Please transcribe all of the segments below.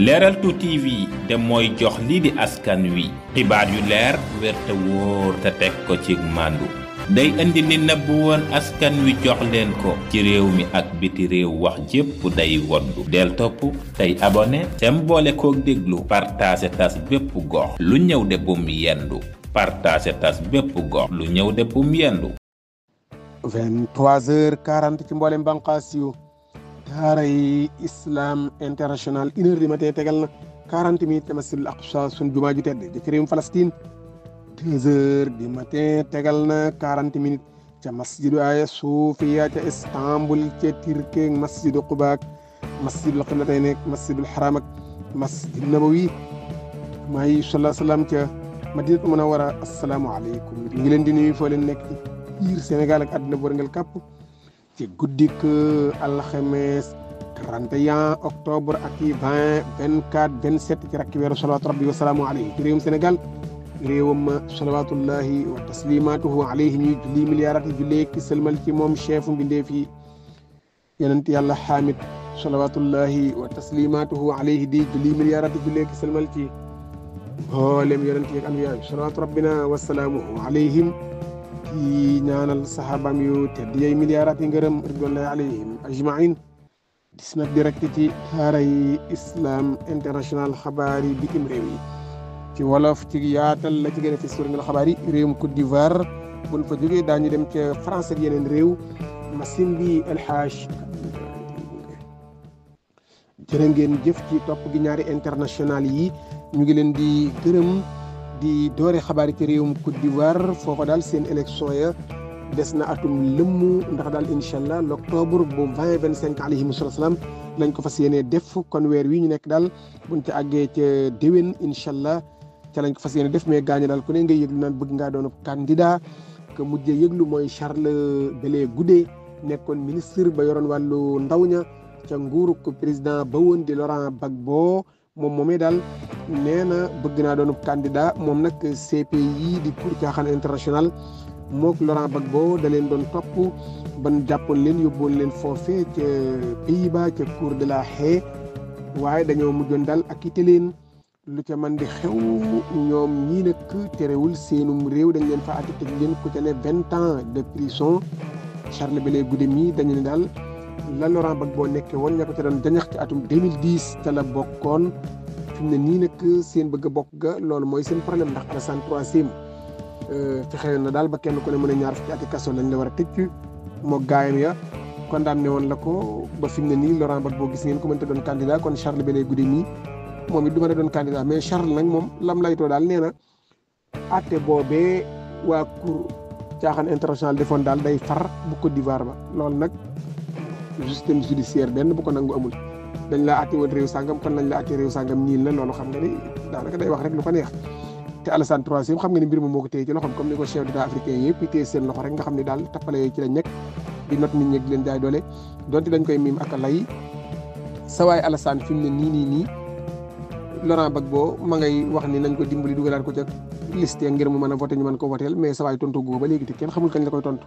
leeral tu TV te mooy jox lii di askan wi xibaar yu leer wér wóor te teg ko ci màndu day indi li nëbb woon askan wi jox leen ko ci réew mi ak biti réew wax jépp day woddu del topp tey abone tem boole kook déglu partage tas bépp gox lu ñëw de bum yendu partage bépp lu ñëw de yendu ci mboolem banqaas yu daaray islam international une heure du matin tegal na quarante minutes te masjidul aqsa sun jumaa ju tedd ci réewum Palestine deux heures du matin tegal na quarante minutes ca masjidu aya suufiya ca Istanbul ca Turquie masjidu Quba ak masjidul qiblatayni nekk masjidul haram ak masjid nabawi maay salaa salaam ca madinatu munawwara asalaamaaleykum ñu ngi leen di nuyu foo leen nekk ci biir Sénégal ak àddina bu kàpp ci guddik alxames 31 octobre ak i 20 24 27 ci rakki weeru salawaatu rabbi wa salaamu alayhi ci réewum Sénégal réewam salawaatullahi wa taslimatuhu alayhi ñuy julli miliyaaraati jullee ki sëlmal ci moom chefu mbindeef yi yonent yàlla xaamit salawaatullahi wa taslimatuhu alayhi di julli miliyaaraati jullee ki sëlmal ci mboolem yonent yeeg anbiyaa yi salawaatu rabbina wa salaamuhu alayhim kii ñaanal saxaabaam yu tedd yay milliardaires yi ngërëm ridwanullahi alayhim ajmain dis na direct ci xaaray islam international xabaar yi bitim réew yi ci wolof ci yaatal la ci gën a fës nga xabaar yi réewum Côte d'Ivoire buñ fa jógee daañu dem ca France ak yeneen réew machine bi alxaaj jërë ngeen jëf ci topp gi ñaari international yi ñu ngi leen di gërëm. di doore xabaar ci réewum Côte d'Ivoire foofa daal seen élection ya des na atum lëmm ndax daal incha allah l' octobre bu 20 alayhi salaam lañ ko fas def kon weer wi ñu nekk daal buñ ci àggee ca déwén incha allah ca lañ ko fas yéene def mais gaañu daal ku ne ngay yëglu naan bëgg ngaa doon candidat que mujjee yëglu mooy Charles Blé Goudé nekkoon ministre ba yoroon wàllu ndaw ña ca nguuru président ba di Laurent bagbo moom moomee daal nee na bëgg naa doon candidat moom nag CPI di cour caaxaan international mook Laurent Gbagbo da leen doon topp ban jàppoon leen yóbboon leen foofee ca Pays-Bas ca cour de la Haye waaye dañoo mujjoon daal ak ite leen lu ca man di xew ñoom ñii nag terewul seenum réew dañ leen fa àtte tëj leen ku ca ne vingt ans de prison Charles Blé Goudémy dañu ne daal la Laurent Gbagbo nekké won ñako ko ca doon jañax ci atum 2010 té la bokkon fi mu ne nii nag seen bëgg bokk ga loolu moy seen problème ndax sim euh troisième fexe na dal ba kenn ku ne mëna ñaar fukki ati kasso lañ la wara tecc mo gaayam ya condamné won la ko ba fi mu ne nii Laurent Gbagbo gis ngeen ko mënta doon candidat kon Charles Bené Goudé ni momit duma mën doon candidat mais Charles nak mom lam lay to dal néna até bobé wa cour caaxaan international defon dal day far bu ko divar ba loolu nak système judiciaire benn bu ko nangu amul dañ laa àtte woon réew sàngam kon lañ la loolu xam nga ni daanaka day wax rek lu neex te Alassane troisième xam nga ni mbir moom moo ko téye ci loxoom comme loxo nga xam ne daal tappale yooyu ci lañ nekk di not nit ñi di jaay doole donte dañ koy miim ak a lay sawaay Alassane fi mu ne nii nii nii Laurent Gbagbo ma ngay wax ni nañ ko dimbali dugalaat ko ca liste ngir mu mën a voté mais sawaay tontu googu ba te kenn xamul koy tontu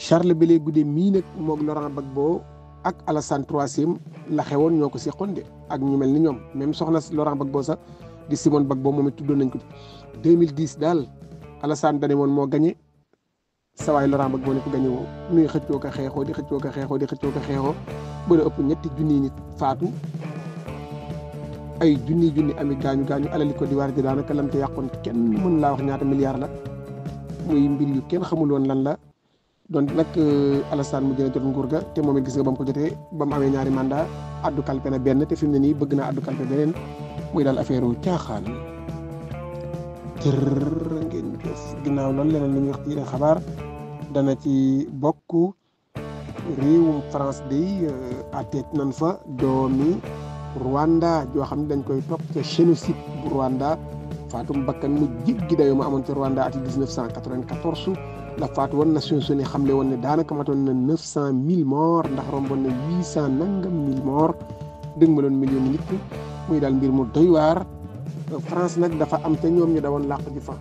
Charles Blé Goudé mii nag moog bag boo ak Alassane Troisième la xewoon ñoo ko seqoon de ak ñu mel ni ñoom même soxna Laurent boo sax di bag boo moom it tuddoon nañ ko ci 2010 daal Alassane dane woon moo gagné sawaay Laurent Gbagbo ne ko gagné nuy xëccoo ko xeexoo di xëccoo ko xeexoo di xëccoo ko xeexoo ba ëpp ñetti junniy nit faatu ay junniy junni ami gaañu gaañu alali ko di waar di daanaka lam yàqoon kenn mën laa wax ñaata milliards la kenn xamul woon la. donc nag Alassane mu gëna jot nguur ga te momit gis nga bam ko jotee bam mu amee ñaari mandat addu kalpe na benn te fi mu ne nii bëgg naa addu kalpe beneen muy daal affaire u caaxaan jërë ngeen def ginnaaw loolu leneen li ñuy wax ci yeneen xabaar dana ci bokk réewum France bi eh, ateet nan fa doomi Rwanda joo xam ne dañ koy topp ca génocide bu Rwanda faatum bakkan mu jiggi gi dayoo ma amoon Rwanda ati 1994 ndax won woon Nations Unies xamle won ne danaka maton na neuf cent mille ndax romboon na 800 nangam mil morts deug ma don million nit muy dal mbir mu doy war France nak dafa am te ñom ñu dawon laq ji fa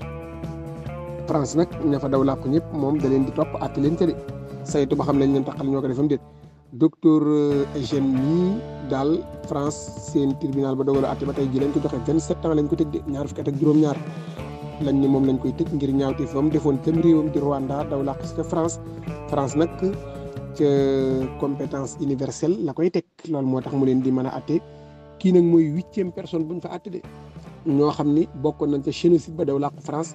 France nak ñu fa daw laq ñep mom da leen di top at leen te saytu ba xam lañ leen taxal ñoko ko defam déet docteur Eugène mii dal France sen tribunal ba dogal at ba tay ji lañ ko joxe 27 ans lañ ko tegg de ñaar fukat ak juroom ñaar lañ ni moom lañ koy tëj ngir fam defoon tam réewam di Rwanda daw la si France France nak ci compétence universelle la koy tek lool moo tax mu leen di mën a atte kii nag mooy huitième personne buñ fa atté de ñoo xam ni bokkoon nañ ca génocide ba daw la France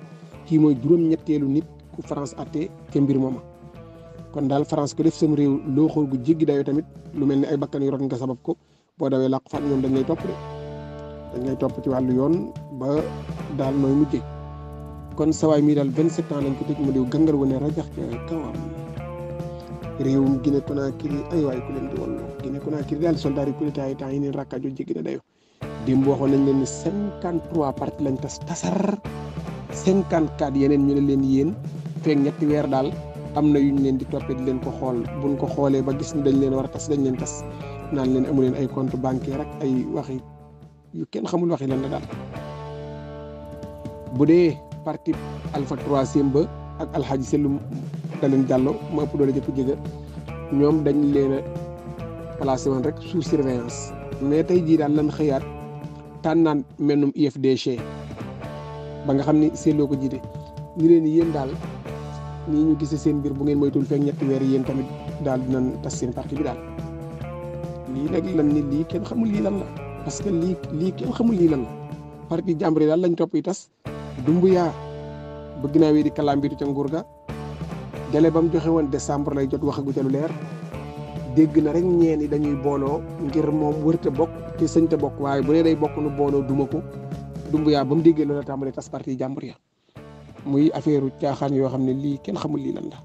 kii mooy juróom-ñetteelu nit ku France atté ca mbir moma kon daal France ko def sam réew loo xóor gu jéggi dayo tamit lu mel ni ay bakkan yu rot nga sabab ko boo dawee làq fa ñoom dañ lay topp de dañ lay topp ci wàllu yoon ba daal nooy mujjee kon sawaay mi dal 27 ans lañ ko tej mu diw gàngal ra jax ci kawam réewum Guinée Conakry ay way ku leen di wallu Guinée Conakry daal soldat yi kudeta yi temps yi neen rakkajo jéggi na dayo démb waxoon nañ leen 53 parti lañ tass tassar 54 yenen ñu ne leen yéen feeg ñetti weer daal am na yuñ leen di topé di leen ko xol buñ ko xolé ba gis ni dañ leen war tass dañ leen tass nan leen amu leen ay compte bancaire ak ay waxi yu kenn xamul waxi lan la dal bu parti Alpha 3 ba ak Alhaji Selum Dalen Diallo mo ëpp doole jëpp jëgë ñoom dañ leen a placé woon rek sous surveillance mais tey jii daal lan xëyaat tànnaan mennum ifdc ba nga xam ni seetloo ko jiite ñu leen yéen daal ni ñu gisee seen mbir bu ngeen moytul feeg ñetti weer yéen tamit daal dinañ tas seen parti bi daal lii nag lan ni lii kenn xamul lii lan la parce que lii lii kenn xamul lii lan la parti jàmbur yi daal lañ topp yi tas Dumbuya ba ginnaaw di kalambitu ca nguur ga délai ba mu joxe woon décembre lay jot waxagu ca leer dégg na rek ñeen yi dañuy booloo ngir moom wërte bokk te sëñte bokk waaye bu dee day bokk nu booloo duma ko yaa ba mu déggee loolu la tàmbalee tas parti yi jàmbur ya muy affaire caaxaan yoo xam ne lii kenn xamul lii lan la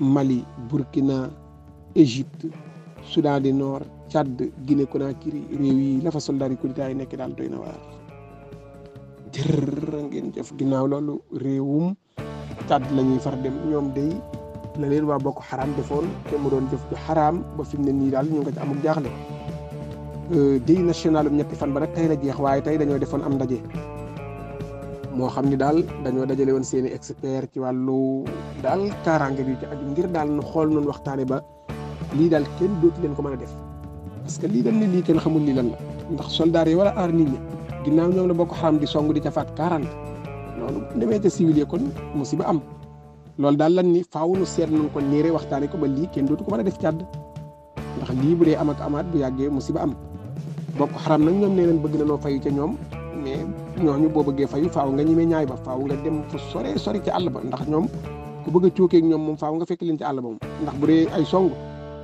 Mali Burkina Égypte Soudan du Nord Tchad Guinée Conakry réew yi la fa soldat yi nekk daal doy na waar jërë ngeen def ginnaaw loolu réewum càdd la ñuy far dem ñoom day la leen waa bokk xaraam defoon te mu doon def ju xaraam ba fi mu ne nii daal ñu ngi ci amuk jaaxle euh, deuil national bu ñetti fan ba rek tey la jeex waaye tey dañoo defoon am ndaje moo xam ni daal dañoo dajale woon seeni expert ci wàllu daal kaaraange bi ci aju ngir daal nu xool noonu waxtaane ba lii daal kenn dootu leen ko mën a def parce que lii dañ ne lii kenn xamul ni lan la ndax soldaar yi wala aar nit ñi ginnaaw ñoom la bokk xaram di song di ca faat 40 loolu bu demee ca civil kon musiba am loolu daal lan ni faaw nu seet nañ ko niire waxtaanee ko ba lii kenn dootu ko mën a def jàdd ndax lii bu dee am amaat bu yàggee musiba am bokk xaram nag ñoom nee nañ bëgg na noo fay ca ñoom mais ñu boo bëggee fayu faaw nga ñemee ñaay ba faaw nga dem fu sore sori ca àll ba ndax ñoom ku bëgg a cuukeeg ñoom moom faaw nga fekk leen ci àll ba moom ndax bu dee ay song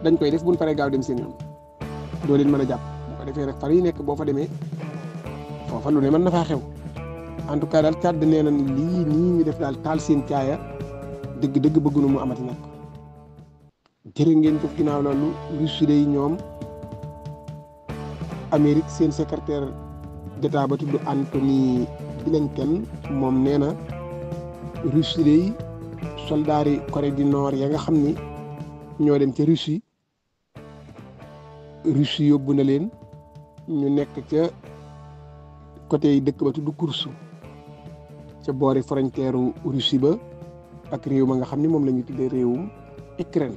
dañ koy def buñ paree gaaw dem seen yoon doo leen mën a jàpp bu defee rek far yi nekk boo fa demee fa lu ne man na faa xew en tout cas dal càdd neena li lii ni, ñu def dal tal seen caaya deug dëgg bëggunu mu amati nak jere ngeen jëf ginnaaw lu Russie day ñoom amerique seen secrétaire d'état ba tuddu Anthony Blinken mom neena na Russie day yi Corée du Nord ya nga xamni ni ñoo dem ci Russie Russie yóbbu na leen ñu nekk ca côté dëkk ba tudd kursu ca boori frontière Russie ba ak réew ma nga xam ni moom la ñu tuddee réewum Ukraine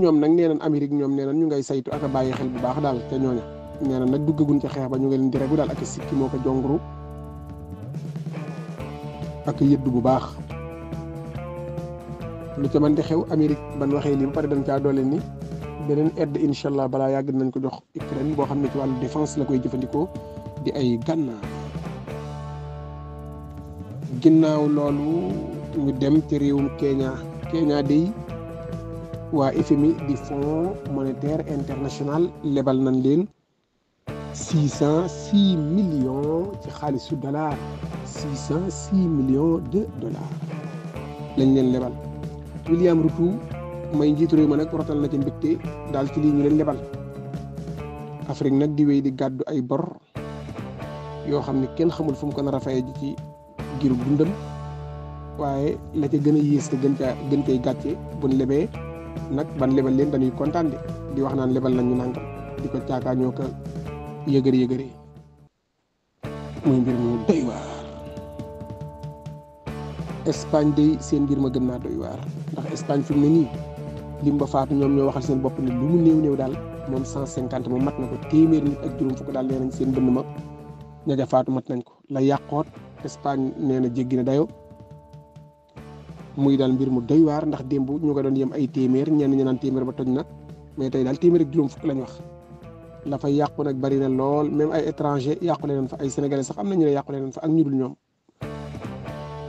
ñoom nag nee nañ Amérique ñoom nee nañ ñu ngay saytu ak a bàyyi xel bu baax daal te ñooña nee nañ nag duggagun ca xeex ba ñu ngi leen di regu daal ak a sikki moo ko jongru ak yëddu bu baax lu ca man di xew Amérique ban waxee lii ba pare dañ caa doole ni beneen aide incha allah balaa yàgg nañ ko jox Ukraine boo xam ne ci wàllu défense la koy jëfandikoo di ay ganna ginnaw lolu ñu dem ci rewum Kenya Kenya di wa FMI di Fonds monétaire international lebal nan len 606 millions ci xaalisu dollar 606 millions de dollars lañ len lebal William Ruto may njitu rew ma nak rotal na ci mbégte dal ci li ñu len lebal Afrique nak di wéy di gaddu ay bor yoo xam ne kenn xamul fu mu ko nar a fayee ji ci giru dundam waaye la ca gën a yées te gën caa gën cay gàcce buñ lebee nag ban lebal leen dañuy kontaan de di wax naan lebal nañ ñu nangam di ko caakaa ñoo ko yëgër yëgër muy mbir mu doy waar Espagne day seen mbir ma gën naa doy ndax Espagne fi mu ne nii lim ba faatu ñoom ñoo waxal seen bopp ne lu mu néew néew daal moom cent cinquante mu mat na ko téeméer nit ak juróom fukk daal nee nañ seen dënn ma ña ja faatu mat nañ ko la yàqoot Espagne nee na jéggi na dayoo muy daal mbir mu doy waar ndax démb ñu nga doon yem ay téeméer ñenn ñu naan téeméer ba toj na mais tey daal téeméer ak juróom fukk lañ wax la fa yàqu nag bari na lool même ay étranger yàqule nañ fa ay sénégalais sax am na ñu ne yàqule nañ fa ak ñu dul ñoom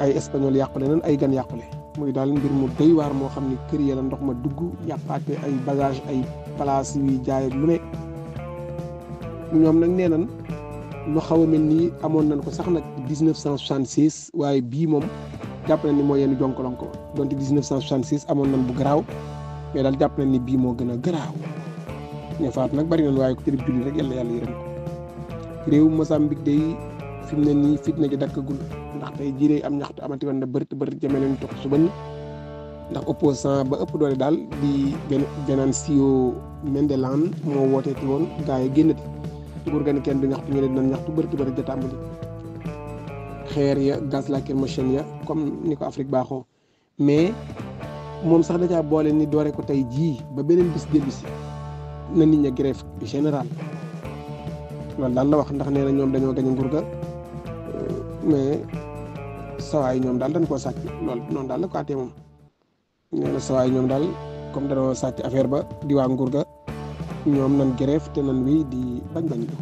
ay espagnol yàqule nañ ay gan yàqule muy daal mbir mu doy waar moo xam ne kër ya la ndox ma dugg yàqaate ay bagage ay place yuy jaay lu ne ñoom nag nee nañ no xaw mel ni amoon nañ ko sax nag 1966 waaye bii moom jàpp nañ ni moo yenn ko donte 1966 amoon nañ bu garaaw mais daal jàpp nañ ni bii moo gën a garaaw ña faatu nag bari nañ waaye ko tërib julli rek yàlla yàlla yërëm ko réew Mozambique day fi mu ne nii fitna ji dakkagul ndax tey jii day am ñaxtu amati woon na bërit bërit jëmee leen tox su bënn ndax opposant ba ëpp doole daal di CEO Mendelaan moo wooteeti woon gaa yi génnati dugur gani ken do ñaxtu ñu leen doon ñaxtu barki bari da tambali xeer ya gaz lacrymogène ya comme ni ko afrique baaxoo mais moom sax da caa boole ni doore ko tey jii ba beneen bis dellu si na nit ña grève général loolu daal la wax ndax nee na ñoom dañoo gañ nguur ga mais sawaay ñoom daal dañ koo sàcc loolu noonu daal la ko àttee moom nee na sawaay ñoom comme danoo sàcc affaire ba di nguur ga ñoom nan grève te nan wi di bañ bañ bi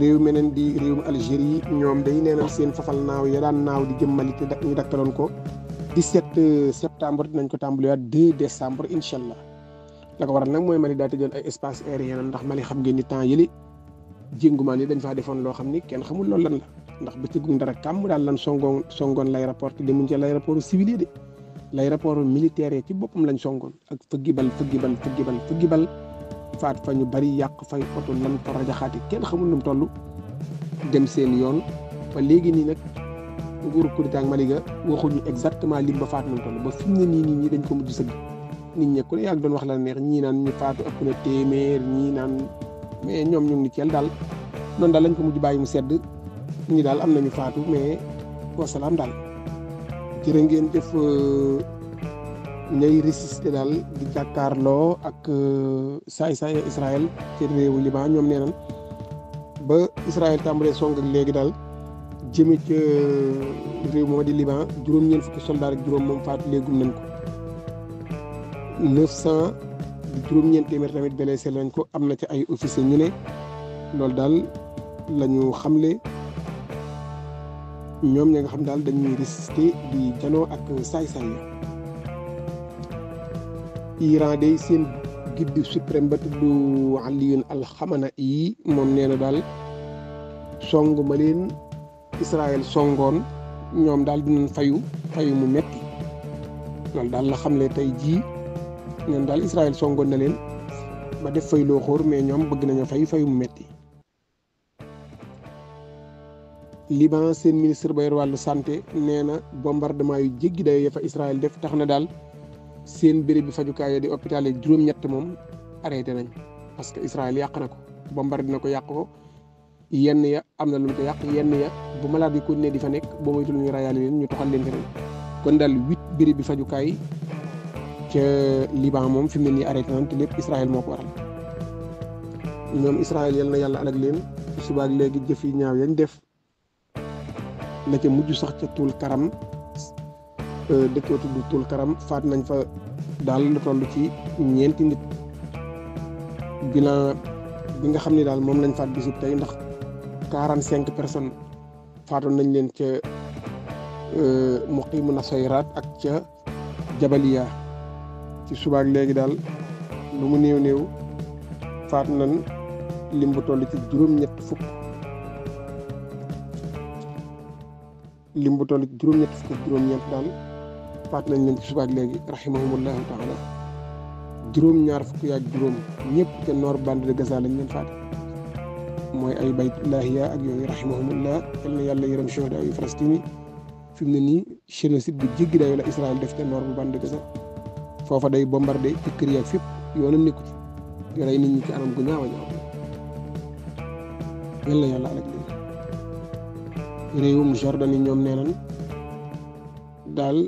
réew meneen di réew algérie ñoom day neenal seen fafal naaw ya daan naaw di jëmmali te ñu dakkaloon ko 17 euh, septembre dinañ ko tàmbaliwaat 2 décembre inshallah la ko waral nag mooy mali daa tëjoon ay espace aérien ndax mali xam ngeen ni temps yëli jéngumaan ni dañ faa defoon loo xam ni kenn xamul loolu lan la ndax ba bëccëgu dara kàmm daal lan songoon songoon lay rapport te demuñ ca lay rapport civil de lay rapport militaire ci boppam lañ songoon ak fëggi bal fëggi bal faat fa ñu bari yàq fay oto nan ko rajaxaati kenn xamul nu mu toll dem seen yoon ba léegi nii nag nguuru Kurita ak Mali ga waxuñu exactement lim ba faat nu mu ba fi mu ne nii nit ñi dañ ko mujj sëgg nit ñi ku ne wax la neex naan ñu faatu ëpp na téeméer ñii naan mais ñoom ñu ni ceel daal noonu daal lañ ko mujj bàyyi mu sedd ñi daal am na nañu faatu mais wasalaam daal jërë ngeen jëf. Euh, ñay résister daal di jàkkaarloo ak euh, saay saay Israël ci réewu Liban ñoom nee nañ ba Israël tàmbalee song léegi daal jëme ca euh, moo di Liban juróom-ñeent fukki soldat ak juróom nañ ko neuf tamit blessé lañ ko am na ci ay officier ñu ne loolu daal la xam xamle ñoom ña nga xam daal dañuy résister di janoo ak saay saay ya Iran day seen guide supreme ba Aliyun khamana yi mom neena dal songu song ma leen Israël songon ñom dal dinañ fayu fayu mu metti dal dal la xamle tay ji ñoom dal Israël songon na len ba def fay lo xor mais ñom bëgg nañu fay fayu mu metti Liban seen ministre ba walu santé neena bombardement yu jéggi day ya fa Israël def tax na seen béréb bi fajukaay yi di hôpital juróom-ñett moom arrêté nañ parce que Israël yàq na ko bombardé na ko yàq ko yenn ya am na lu mu ko yàq yenn ya bu malade yi continuer di fa nekk boo moytu lu ñu rayaale leen ñu toxal leen feneen kon daal huit bi fajukaay ca Liban moom fi mu ne nii arrêté lépp Israël moo ko waral ñoom Israël yal yàlla alag leen subaak léegi jëf yi ñaaw yañ def la ca mujj sax ca tuul karam Eh, dëkk bu tuddu tul Karam faat nañ fa daal lu toll ci ñeenti nit bilan bi nga xam ne daal moom lañ faat bisub tey ndax 45 personnes faatoon nañ leen ca eh, muqimu nasayraat ak ca jabaliya ci suba ak léegi daal lu mu néew néew faat nañ lim bu toll ci juróom-ñett fukk lim bu toll ci juróom-ñett fukk juróom-ñeent daal faat nañ leen ci subaak léegi juróom ñaar fukk yaak juróom ñëpp ca noor bande de Gaza lañ leen faat mooy ay baytullahi ya ak yooyu rahimahumullah yal na yàlla yërëm shuhadaa yu Palestine yi fi mu ne nii génocide bi jéggi dayoo la Israël def ca noor bu bande de day bombardé ci kër yaak fépp yoonam nekku ci rey nit ñi a ñaaw ñoom nee daal